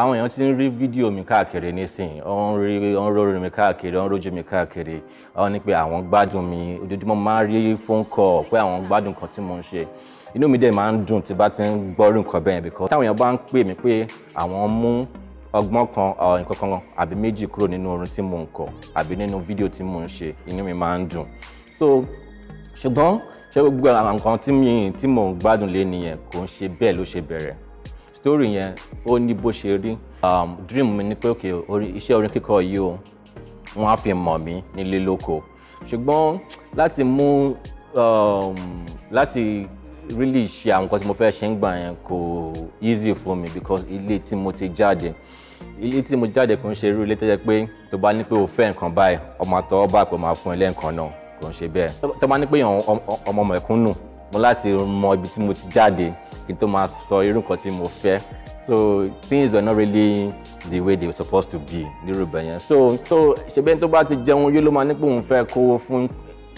àwọn èèyàn ti ń rí fídíò mi káàkiri nísìnyí ọ̀n rí ọ̀n rórí mi káàkiri ọ̀n rójú mi káàkiri ọ̀n ní pé àwọn gbádùn mi ojoojúmọ́ máa ń rí phone call pé àwọn gbádùn kan tí mo ń ṣe inú mi dẹ̀ máa ń dùn tí bá ti ń gbọ́rú nǹkan bẹ́ẹ̀ because táwọn èèyàn bá ń pè mí pé àwọn mú ọgbọ́n kan nǹkan kan àbí méjì kúrò nínú orin tí mo ń kọ àbí nínú fídíò tí mo ń ṣe inú mi máa ń dùn so ṣùgbọ́n ṣé gbogbo àwọn nǹkan tí mo ń gbádùn lé nìyẹn kò ń ṣe bẹ́ẹ̀ ló ṣe bẹ̀rẹ̀ story yẹn ó ní bó ṣe rí um, dream mi ni pé òkè iṣẹ́ orin kíkọ yìí o wọ́n á fi mọ̀ mí nílé lóko ṣùgbọ́n láti mú um, láti really ṣe àwọn nǹkan tí mo fẹ́ ṣe ń gbà yẹn kò easy fún mi because ilé tí mo ti jáde ilé tí mo jáde kò ń ṣe irú ilé tó jẹ́ pé tó bá ní pé o fẹ́ nǹkan báyìí ọmọ àtọwọ́ bá pè máa fún ẹ lẹ́ǹkan náà kò ń ṣe bẹ́ẹ̀ tó bá ní pé ọmọ mẹ̀kúnnù mo láti mọ ibi tí mo ti jáde kí n tó máa sọ irú nǹkan tí mo fẹ́ so things were not really the way they were supposed to be nírú ibẹ̀ yẹn so tó ṣe bẹ́ẹ̀ tó bá ti jẹun yóò ló máa ní pé òun fẹ́ kówó fún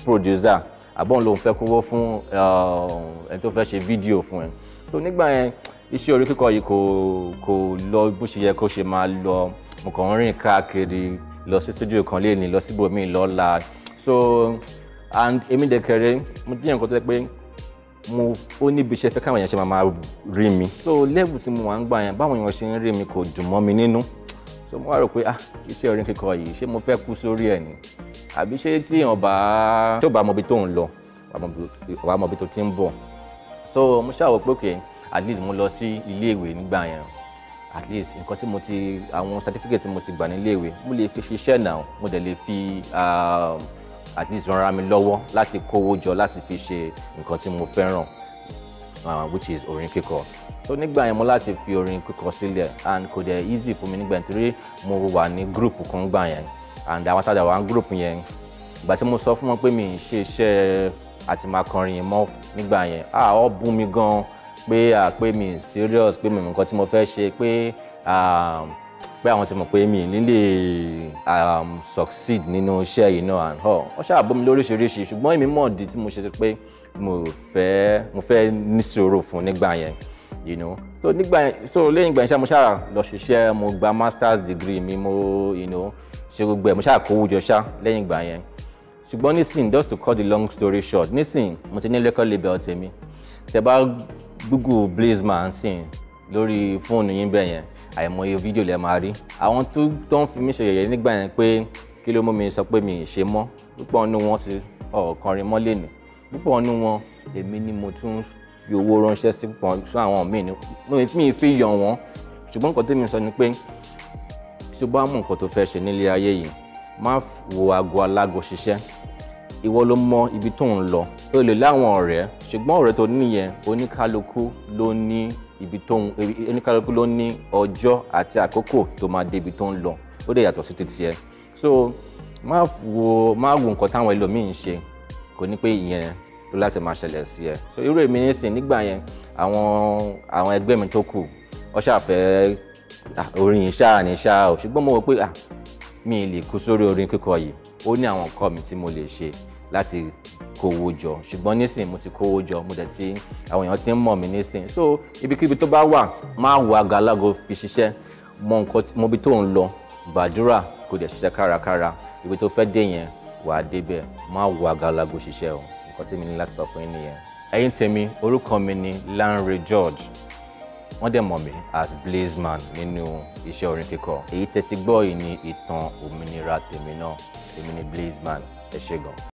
producer àbọ̀n lòun fẹ́ kówó fún uh, ẹni tó fẹ́ ṣe fídíò fún ẹ so nígbà yẹn iṣẹ́ orí kíkọ yìí kò kò lọ bó ṣe yẹ kó ṣe máa lọ mo kàn ń rìn káàkiri lọ sí studio kan léèní lọ síbòmíì lọ́la so and èmi dẹ̀kẹ̀rẹ̀ mo jẹ́ nǹkan tó yẹ pé mo ó níbi iṣẹ́ fẹ́ káwọn èèyàn ṣe máa máa rí mi so level tí mo wà ń gbà yẹn báwọn èèyàn ṣe ń rí mi kò dùn mọ́ mi nínú so mo wá rò pé ah iṣẹ́ orin kíkọ yìí ṣé mo fẹ́ kú sórí ẹ̀ ni àbí ṣé tí èèyàn bá tó bá mọbi tó ń lọ wàá mọbi tó ti ń bọ̀ so mo ṣàwọ̀ pé okay at least mo lọ sí iléèwé nígbà yẹn at least nǹkan tí mo ti àwọn certificate tí mo ti gbà ní iléèwé mo lè fi ṣiṣẹ́ náà mo dẹ̀ lè fi uh, at least ràn ra mi lọ́wọ́ láti kówó jọ láti fi ṣe nǹkan tí mo fẹ́ràn uh, which is orin kíkọ so nígbà yẹn mo láti fi orin kíkọ sílẹ̀ and kò dẹ̀ easy fún mi nígbà yẹn torí mo wà ní group kan gbà yẹn and àwọn àtàdà wà ní group yẹn ìgbà tí mo sọ fún wọn pé mi ṣe iṣẹ́ àti máa kọrin mọ́ nígbà yẹn ah ọ bú mi gan pé ah pé mi serious pé mi nǹkan tí mo fẹ́ ṣe pé ah pé àwọn ti mọ̀ pé mi nílé um, succeed nínú iṣẹ́ yìí náà and all wọ́n ṣáà bọ́ mi lóríṣiríṣi ṣùgbọ́n èmi mọ̀ di tí mo ṣe pé mo fẹ́ mo fẹ́ níṣòro fún nígbà yẹn you know so nígbà yẹn so lẹ́yìn ìgbà yẹn ṣáà mo ṣáà lọ ṣiṣẹ́ mo gba masters degree mi mo you know ṣe gbogbo ẹ̀ mo ṣáà kówó jọ ṣá lẹ́yìn ìgbà yẹn ṣùgbọ́n nísìn just to cut the long story short nísìn mo ti ní lẹ́kọ̀ọ́ label tèmi tẹ bá google blaze man sìn lórí fóònù yín bẹ́ẹ̀ yẹn àìmọye fídíò lẹ máa rí àwọn tó tó ń fi mí ṣe yẹ̀yẹ́ nígbà yẹn pé kí ló mú mi sọ pé mi ì ṣe mọ́ púpọ̀ nínú wọn ti ọ̀kọrin mọ́ lè nì púpọ̀ nínú wọn èmi ni mo tún fi owó ránṣẹ́ sí pọ̀ sí àwọn míì ni mi fi yàn wọ́n ṣùgbọ́n nǹkan tèmi sọ ni pé tí o bá mú nǹkan tó fẹ́ ṣe nílé ayé yìí má wo aago alágo ṣiṣẹ́ ìwọ ló mọ ibi tó ń lọ o lè láwọn ọ̀rẹ́ ṣùgbọ́n ọ̀rẹ́ tó níyẹn oníkálukú ló ní ibi tó ń oníkálukú ló ní ọjọ́ àti àkókò tó máa débi tó ń lọ ó dẹ̀ yàtọ̀ sí títí ẹ so má wo má wo nǹkan táwọn ẹlòmíì ń ṣe kò ní pé ìyẹn ló láti máa ṣẹlẹ̀ sí ẹ so irú èmi nísìn nígbà yẹn àwọn àwọn ẹgbẹ́ mi tó kù ọ ṣàfẹ́ orin ṣáà ní ṣáà ò ṣùgbọ́n mo wò pé mi lè kú sórí orin kíkọ yìí ó ní àwọn nǹkan mi tí mo lè ṣe láti kó jọ ṣùgbọ́n nísìn mo ti kó jọ mo dẹ̀ ti àwọn èèyàn ti ń mọ̀ mí nísìn so ibikíbi tó bá wà máa wo àgàlago fi ṣiṣẹ́ mọ nǹkan mọ ibi tó ń lọ gbàdúrà kó dẹ̀ ṣiṣẹ́ kárakára ibi tó fẹ́ dé yẹn wà á débẹ̀ máa wo àgàlago ṣiṣẹ́ o nǹkan tèmi ní láti sọ fún yín nìyẹn ẹ̀yin tèmi orúkọ mi ni Lanre George wọ́n dẹ̀ mọ̀ mí as Blazeman nínú iṣẹ́ orin kíkọ èyí tẹ́tí gbọ́ yìí ni ìtàn òmìnira tèmi náà èmi ni Blazeman ẹ ṣé gan.